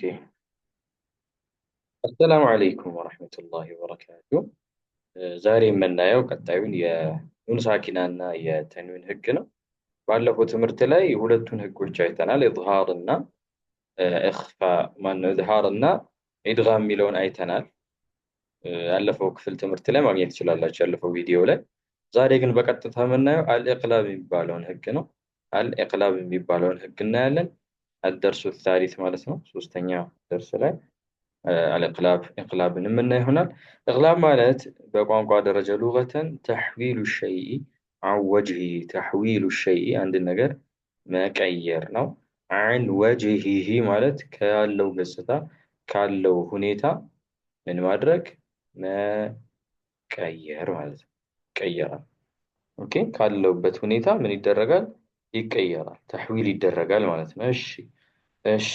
اوكي አሰላሙ አለይኩም ወራህመቱላሂ ወበረካቱ። ዛሬ የምናየው ቀጣዩን የኑን ሳኪና እና የተንዊን ህግ ነው። ባለፈው ትምህርት ላይ ሁለቱን ህጎች አይተናል። ኢዝሃር እና እኽፋ ማነው ኢዝሃር እና ኢድጋ የሚለውን አይተናል። ያለፈው ክፍል ትምህርት ላይ ማግኘት ትችላላችሁ፣ ያለፈው ቪዲዮ ላይ። ዛሬ ግን በቀጥታ የምናየው አልኢቅላብ የሚባለውን ህግ ነው። አልኢቅላብ የሚባለውን ህግ እናያለን። አደርሱ ታሪት ማለት ነው። ሶስተኛ ደርስ ላይ አልእቅላብ እቅላብን የምና ይሆናል። እቅላብ ማለት በቋንቋ ደረጃ ሉቀተን ተሕዊሉ ሸይ አን ወጅሂ ተሕዊሉ ሸይ አንድን ነገር መቀየር ነው። አን ወጅሂሂ ማለት ካለው ገጽታ ካለው ሁኔታ ምን ማድረግ መቀየር ማለት ነው። ቀየራ ካለውበት ሁኔታ ምን ይደረጋል? ይቀየራል። ተሕዊል ይደረጋል ማለት ነው። እሺ እሺ።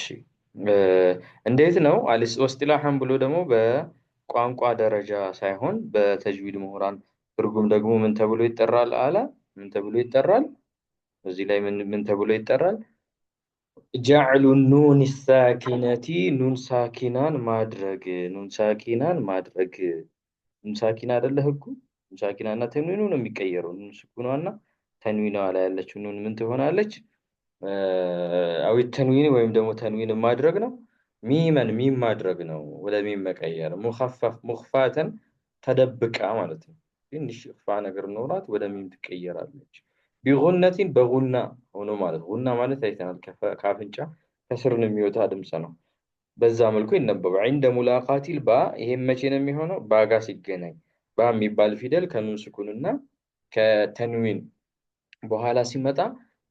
እንዴት ነው አሊስ ወስጢላሐን ብሎ ደግሞ በቋንቋ ደረጃ ሳይሆን በተጅዊድ ምሁራን ትርጉም ደግሞ ምን ተብሎ ይጠራል? አለ ምን ተብሎ ይጠራል? እዚህ ላይ ምን ተብሎ ይጠራል? ጃዕሉ ኑን ሳኪነቲ ኑን ሳኪናን ማድረግ ኑን ሳኪናን ማድረግ ኑን ሳኪና አይደለ ህጉ ኑን ሳኪና እና ተንዊኑ ነው የሚቀየረው ኑን ስኩኗና ተንዊናዋ ላይ ያለችው ኑን ምን ትሆናለች? አዊት ተንዊን ወይም ደግሞ ተንዊን ማድረግ ነው። ሚመን ሚም ማድረግ ነው፣ ወደ ሚም መቀየር። ሙኸፈፍ ሙኽፋተን ተደብቃ ማለት ነው። ትንሽ እኽፋ ነገር ኖራት ወደ ሚም ትቀየራለች። ቢጉነቲን በጉና ሆኖ ማለት ጉና ማለት አይተናል፣ ከአፍንጫ ከስርን የሚወጣ ድምፅ ነው። በዛ መልኩ ይነበበ ዒንደ ሙላቃቲል ባ። ይሄም መቼ ነው የሚሆነው? ባጋ ሲገናኝ ባ የሚባል ፊደል ከኑን ስኩንና ከተንዊን በኋላ ሲመጣ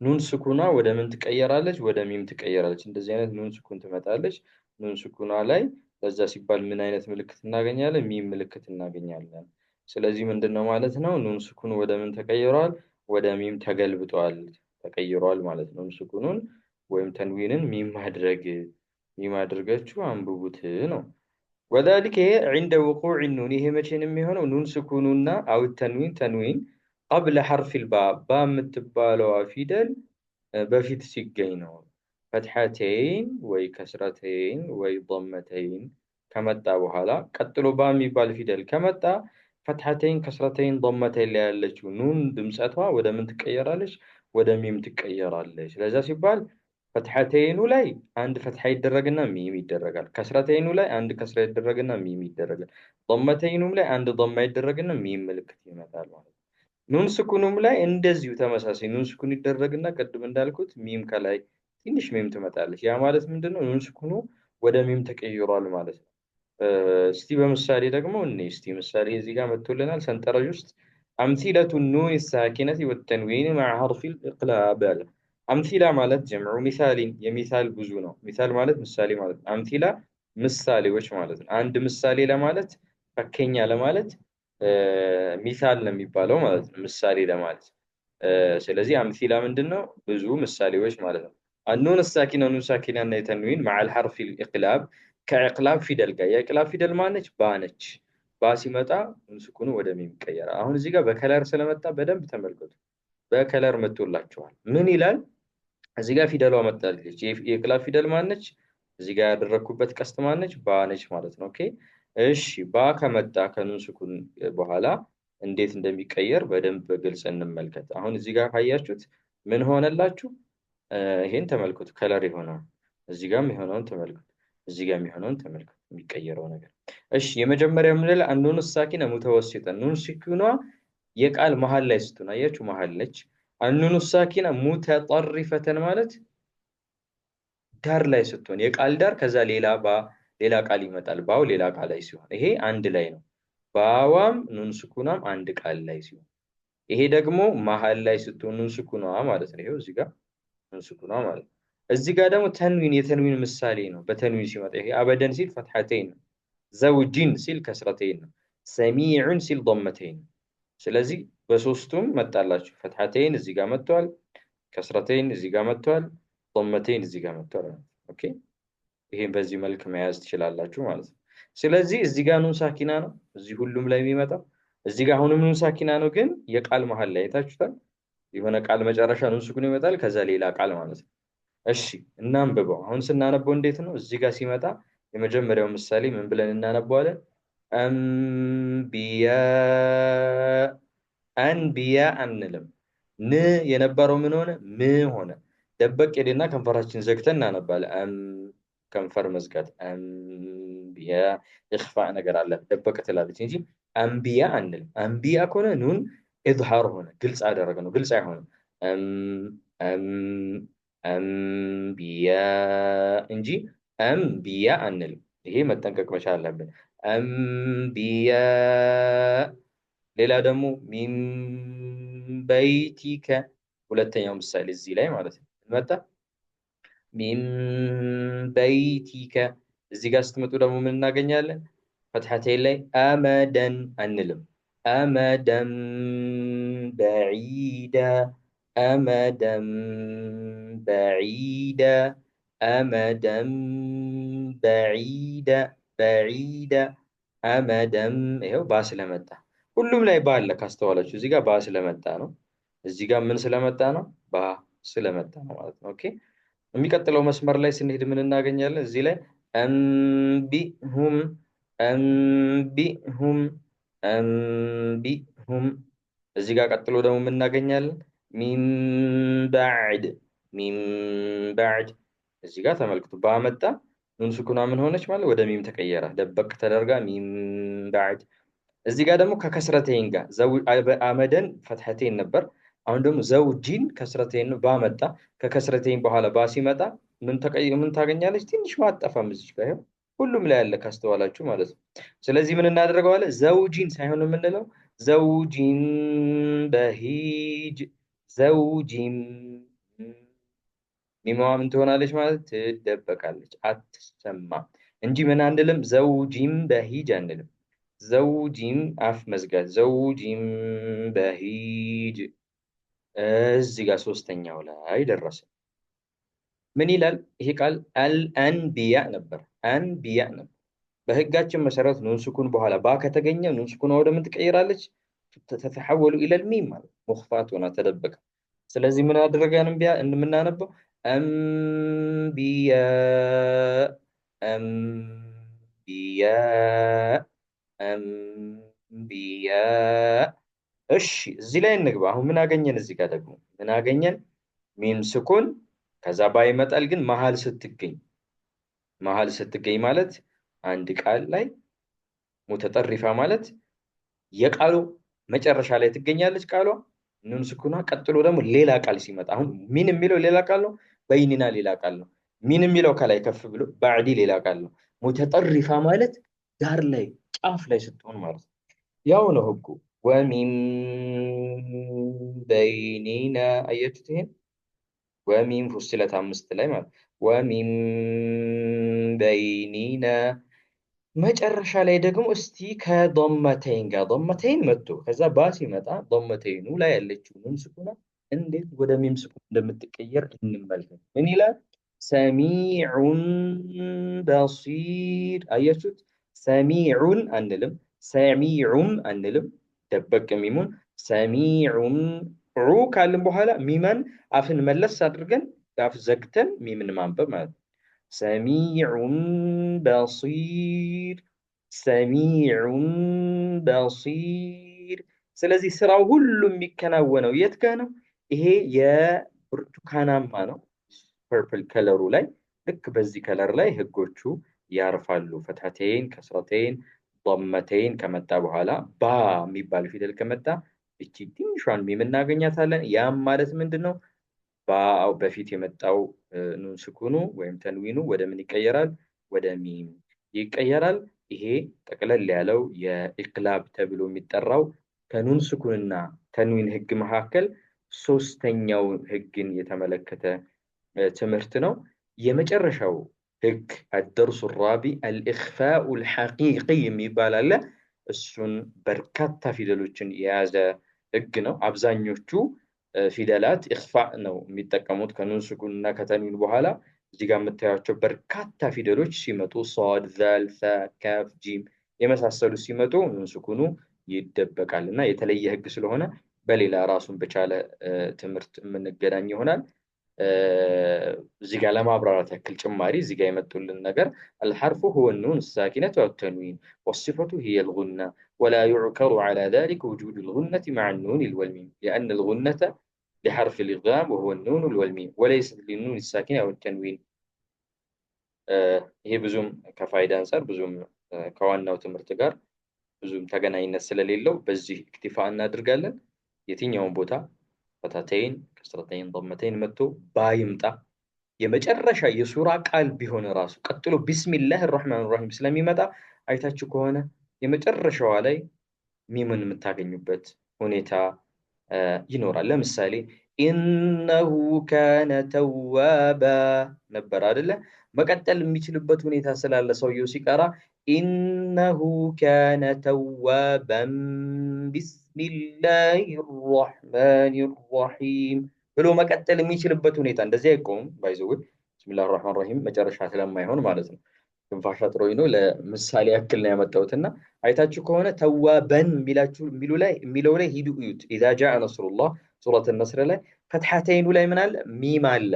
ኑን ስኩና ወደ ምን ትቀየራለች? ወደ ሚም ትቀየራለች። እንደዚህ አይነት ኑን ስኩን ትመጣለች። ኑን ስኩና ላይ ለዛ ሲባል ምን አይነት ምልክት እናገኛለን? ሚም ምልክት እናገኛለን። ስለዚህ ምንድን ነው ማለት ነው? ኑን ስኩን ወደ ምን ተቀይሯል? ወደ ሚም ተገልብጧል፣ ተቀይሯል ማለት ነው። ኑን ስኩኑን ወይም ተንዊንን ሚም ማድረግ ሚም አድርገችሁ አንብቡት ነው። ወዛሊከ ዒንደ ውቁዕ ኑን ይሄ መቼ ነው የሚሆነው? ኑን ስኩኑና አው ተንዊን ተንዊን قبل حرف الباء با متبالو افيدل آه، بفيت سيجينو فتحتين وكسرتين وضمتين كمتا وهلا كتلو با ميبال فيدل كمتا فتحتين كسرتين ضمتين اللي قالش ونون دمساتها وده من تكير قالش ميم تكير قالش لازم فتحتين ولاي عند فتحة الدرجنا ميم الدرجال كسرتين ولاي عند كسرة الدرجنا ميم الدرجال ضمتين ولاي عند ضمة الدرجنا ميم ملكتين مثلا ኑን ስኩኑም ላይ እንደዚሁ ተመሳሳይ ኑን ስኩን ይደረግና ቅድም እንዳልኩት ሚም ከላይ ትንሽ ሚም ትመጣለች። ያ ማለት ምንድነው? ኑን ስኩኑ ወደ ሚም ተቀይሯል ማለት ነው። እስቲ በምሳሌ ደግሞ እኔ እስቲ ምሳሌ እዚህ ጋር መጥቶልናል ሰንጠረዥ ውስጥ አምሲለቱ ኑን ሳኪነት ወተንዊን ማ ሀርፊ ልቅላብ አለ። አምሲላ ማለት ጀምዑ ሚሳሊን የሚሳል ብዙ ነው። ሚሳል ማለት ምሳሌ ማለት ነው። አምሲላ ምሳሌዎች ማለት ነው። አንድ ምሳሌ ለማለት ፈከኛ ለማለት ሚታል ነው የሚባለው ማለት ነው፣ ምሳሌ ለማለት ስለዚህ አምሲላ ምንድን ነው? ብዙ ምሳሌዎች ማለት ነው። አኑን ሳኪና ኑን ሳኪና እና የተንዊን መዓል ሐርፍ ኢቅላብ ከእቅላብ ፊደል ጋር የእቅላብ ፊደል ማነች? ባነች ባ ሲመጣ ኑስኩኑ ወደ ሚም ይቀየራል። አሁን እዚህ ጋር በከለር ስለመጣ በደንብ ተመልከቱ። በከለር መጥቶላቸዋል። ምን ይላል እዚህ ጋር ፊደሏ መጣለች። የእቅላብ ፊደል ማነች? እዚህ ጋር ያደረግኩበት ቀስት ማነች? ባነች ማለት ነው። ኦኬ እሺ ባ ከመጣ ከኑን ስኩን በኋላ እንዴት እንደሚቀየር በደንብ በግልጽ እንመልከት። አሁን እዚህ ጋር ካያችሁት ምን ሆነላችሁ? ይሄን ተመልከቱ። ከለር የሆነውን እዚህ ጋር የሆነውን ተመልከቱ። እዚህ ጋር የሚሆነውን ተመልከቱ። የሚቀየረው ነገር እሺ። የመጀመሪያ ምንል አንኑን ሳኪነ ሙተወሲጠን ኑን ስኩኗ የቃል መሀል ላይ ስትሆን አያችሁ፣ መሀል ነች። አንኑ ሳኪነ ሙተጠሪፈተን ማለት ዳር ላይ ስትሆን የቃል ዳር ከዛ ሌላ ባ ሌላ ቃል ይመጣል። ባው ሌላ ቃል ላይ ሲሆን ይሄ አንድ ላይ ነው። ባዋም ኑን ስኩናም አንድ ቃል ላይ ሲሆን ይሄ ደግሞ መሀል ላይ ስትሆን ኑን ማለት ነው። ይሄው እዚህ ጋር ኑን ማለት ነው። እዚህ ጋር ደግሞ ተንዊን የተንዊን ምሳሌ ነው። በተንዊን ሲመጣ ይሄ አበደን ሲል ፈትሐተይን ነው። ዘውጂን ሲል ከስረተይን ነው። ሰሚዑን ሲል ዶመተይን ነው። ስለዚህ በሶስቱም መጣላችሁ። ፈትሐተይን እዚህ ጋር መጥተዋል። ከስረተይን እዚህ ጋር መጥተዋል። ዶመተይን እዚህ ጋር መጥተዋል። ኦኬ ይሄን በዚህ መልክ መያዝ ትችላላችሁ ማለት ነው። ስለዚህ እዚህ ጋር ኑን ሳኪና ነው፣ እዚህ ሁሉም ላይ የሚመጣው እዚህ ጋር አሁንም ኑን ሳኪና ነው፣ ግን የቃል መሀል ላይ የታችታል የሆነ ቃል መጨረሻ ኑን ስኩን ይመጣል፣ ከዛ ሌላ ቃል ማለት ነው። እሺ እናንብበው። አሁን ስናነበው እንዴት ነው? እዚህ ጋር ሲመጣ የመጀመሪያው ምሳሌ ምን ብለን እናነበዋለን? አንቢያ አንቢያ አንልም። ን የነበረው ምን ሆነ? ም ሆነ። ደበቅ ሄድና ከንፈራችን ዘግተን እናነባለን። ከንፈር መዝጋት አንቢያ እኽፋእ ነገር አለ ደበቀ ትላለች እንጂ አንቢያ አንልም። አንቢያ ከሆነ ኑን እዝሃር ሆነ ግልጽ አደረገ ነው፣ ግልጽ አይሆንም። አንቢያ እንጂ አንቢያ አንልም። ይሄ መጠንቀቅ መቻል አለብን። አንቢያ ሌላ ደግሞ ሚን በይቲከ ሁለተኛው ምሳሌ እዚህ ላይ ማለት ነው መጣ ሚን በይቲከ እዚህ ጋር ስትመጡ ደግሞ ምን እናገኛለን? ፈትሐቴን ላይ አመደን አንልም። አመደን በዒዳ አመደን በዒዳ አመደን በዒዳ በዒዳ አመደን ይኸው ባ ስለመጣ ሁሉም ላይ ባ አለ ካስተዋላችሁ፣ እዚህ ጋር ባ ስለመጣ ነው። እዚህ ጋር ምን ስለመጣ ነው? ባ ስለመጣ ነው ማለት ነው። ኦኬ የሚቀጥለው መስመር ላይ ስንሄድ ምን እናገኛለን? እዚህ ላይ አንቢሁም አንቢሁም አንቢሁም። እዚህ ጋር ቀጥሎ ደግሞ ምን እናገኛለን? ሚን ባዕድ እዚህ ጋር ተመልክቱ ባመጣ ኑን ምን ሆነች ማለት ወደ ሚም ተቀየረ፣ ደበቅ ተደርጋ ሚም እዚህ ጋር ደግሞ ከከስረቴን ጋር አመደን ፈትሐቴን ነበር አሁን ደግሞ ዘውጂን ከስረቴን ባመጣ ከከስረቴን በኋላ ባ ሲመጣ ምን ምን ታገኛለች? ትንሽ ማጠፋም እዚች ጋር ሁሉም ላይ ያለ ካስተዋላችሁ ማለት ነው። ስለዚህ ምን እናደርገዋለ? ዘውጂን ሳይሆን የምንለው ዘውጂን በሂጅ ዘውጂን ሚማዋ ምን ትሆናለች ማለት ትደበቃለች፣ አትሰማ እንጂ ምን አንልም። ዘውጂም በሂጅ አንልም። ዘውጂም አፍ መዝጋት ዘውጂም በሂጅ እዚህ ጋር ሶስተኛው ላይ ደረሰ። ምን ይላል ይሄ ቃል? አንቢያ ነበር አንቢያ ነበር። በህጋችን መሰረት ኑን ስኩን በኋላ ባ ከተገኘ ኑን ስኩን ወደ ምን ትቀይራለች? ተተሐወሉ ኢለል ሚም ማለት ሙኽፋት ሆና ተደበቀ። ስለዚህ ምን አደረገ አንቢያ እንደምናነበው አንቢያ አንቢያ አንቢያ እሺ እዚህ ላይ እንግባ። አሁን ምን አገኘን? እዚህ ጋር ደግሞ ምን አገኘን? ሚም ስኩን ከዛ ባይመጣል ግን መሀል ስትገኝ መሀል ስትገኝ ማለት አንድ ቃል ላይ ሙተጠሪፋ ማለት የቃሉ መጨረሻ ላይ ትገኛለች ቃሏ። ኑን ስኩና ቀጥሎ ደግሞ ሌላ ቃል ሲመጣ አሁን ሚን የሚለው ሌላ ቃል ነው። በይኒና ሌላ ቃል ነው። ሚን የሚለው ከላይ ከፍ ብሎ ባዕዲ ሌላ ቃል ነው። ሙተጠሪፋ ማለት ዳር ላይ ጫፍ ላይ ስትሆን ማለት ነው። ያው ነው ህጉ ወሚን በይኒና አያችሁት? ይሄን ወሚን ፉስለት አምስት ላይ ማለት ወሚን በይኒና መጨረሻ ላይ ደግሞ እስቲ ከዶመተይን ጋር ዶመተይን መጥቶ ከዛ ባ ሲመጣ ዶመተይኑ ላይ ያለችው ሚም ስኩና እንዴት ወደ ሚም ስኩን እንደምትቀየር እንመልከት። ምን ይላል? ሰሚዑን በሲር አያችሁት? ሰሚዑን አንልም፣ ሰሚዑም አንልም ደበቅ ሚሙን ሰሚዑን ዑ ካልን በኋላ ሚመን አፍን መለስ አድርገን አፍ ዘግተን ሚምን ማንበብ ማለት ነው። ሰሚዑን በሲር ሰሚዑን በሲር። ስለዚህ ስራው ሁሉ የሚከናወነው የት ጋ ነው? ይሄ የብርቱካናማ ነው፣ ፐርፕል ከለሩ ላይ ልክ በዚህ ከለር ላይ ህጎቹ ያርፋሉ። ፈታቴን ከስራቴን ጦመተይን ከመጣ በኋላ ባ የሚባል ፊደል ከመጣ እቺ ትንሿን ሚም እናገኛታለን። ያም ማለት ምንድን ነው? ባው በፊት የመጣው ኑን ስኩኑ ወይም ተንዊኑ ወደ ምን ይቀየራል? ወደ ሚም ይቀየራል። ይሄ ጠቅለል ያለው የኢቅላብ ተብሎ የሚጠራው ከኑን ስኩንና ተንዊን ህግ መካከል ሶስተኛው ህግን የተመለከተ ትምህርት ነው። የመጨረሻው ህግ አደርሱ ራቢ አልእኽፋኡ ልሐቂቂ የሚባል አለ። እሱን በርካታ ፊደሎችን የያዘ ህግ ነው። አብዛኞቹ ፊደላት እክፋ ነው የሚጠቀሙት ከኑን ስኩን እና ከተንዊን በኋላ እዚህ ጋር የምታያቸው በርካታ ፊደሎች ሲመጡ ሶድ፣ ዛል፣ ሳ፣ ካፍ፣ ጂም የመሳሰሉ ሲመጡ ኑን ስኩኑ ይደበቃል እና የተለየ ህግ ስለሆነ በሌላ ራሱን በቻለ ትምህርት የምንገናኝ ይሆናል። እዚህ ጋር ለማብራራት ያክል ጭማሪ እዚህ ጋር የመጡልን ነገር አልሐርፉ ሁወ ኑን ሳኪነት ተንዊን ወሲፈቱ ሂየ ልጉና ወላ ዩዕከሩ ዐላ ዛሊከ ውጁድ ልጉነት ማዕ ኑን ልወልሚም ሊአን ልጉነተ لحرف الإضغام وهو النون والميم وليست للنون الساكنة أو التنوين ይሄ ብዙም ከፋይዳ አንጻር ብዙም ከዋናው ትምህርት ጋር ብዙም ተገናኝነት ስለሌለው በዚህ እክትፋ እናድርጋለን። የትኛውን ቦታ ፈታተይን ከስረተይን ضመተይን መጥቶ ባይምጣ የመጨረሻ የሱራ ቃል ቢሆን ራሱ ቀጥሎ ቢስሚላህ ራህማን ራሂም ስለሚመጣ አይታችሁ ከሆነ የመጨረሻዋ ላይ ሚምን የምታገኙበት ሁኔታ ይኖራል። ለምሳሌ ኢነሁ ካነ ተዋባ ነበር አደለ? መቀጠል የሚችልበት ሁኔታ ስላለ ሰውየው ሲቀራ ኢነሁ ካነ ተዋበን ቢስ ቢስሚላህ ራሕማን ራሒም ብሎ መቀጠል የሚችልበት ሁኔታ እንደዚህ አይቆምም። ባይዘው ብስሚላ ራሕማን ራሒም መጨረሻ ስለማይሆን ማለት ነው። ትንፋሽ አጥሮኝ ነው ለምሳሌ ያክል ነው ያመጣሁትና አይታችሁ ከሆነ ተዋበን የሚላችሁ የሚለው ላይ ሂዱ እዩት። ኢዛ ጃአ ነስሩላህ ሱረት ነስር ላይ ፈትሐተይኑ ላይ ምን አለ? ሚም አለ።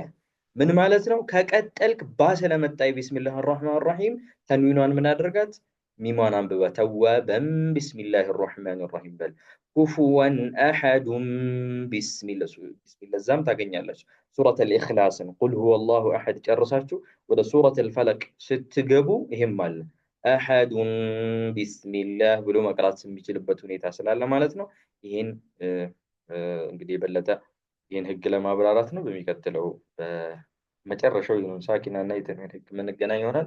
ምን ማለት ነው? ከቀጠልክ ባ ስለመጣ የቢስሚላህ ራሕማን ራሒም ተንዊኗን ምን አደርጋት ሚሟን አንብባ ተዋበን ቢስሚላህ ራሕማን ራሒም በል። ኩፉወን አሐዱን ቢስሚላ እዛም ታገኛለች። ሱረት ልእክላስን ቁል ሁወ ላሁ አሐድ ጨርሳችሁ ወደ ሱረት ልፈለቅ ስትገቡ ይህም አለ አሐዱን ቢስሚላህ ብሎ መቅራት የሚችልበት ሁኔታ ስላለ ማለት ነው። ይህን እንግዲህ የበለጠ ይህን ህግ ለማብራራት ነው። በሚቀጥለው መጨረሻው ይሁን ሳኪና እና የተንዊን ህግ የምንገናኝ ይሆናል።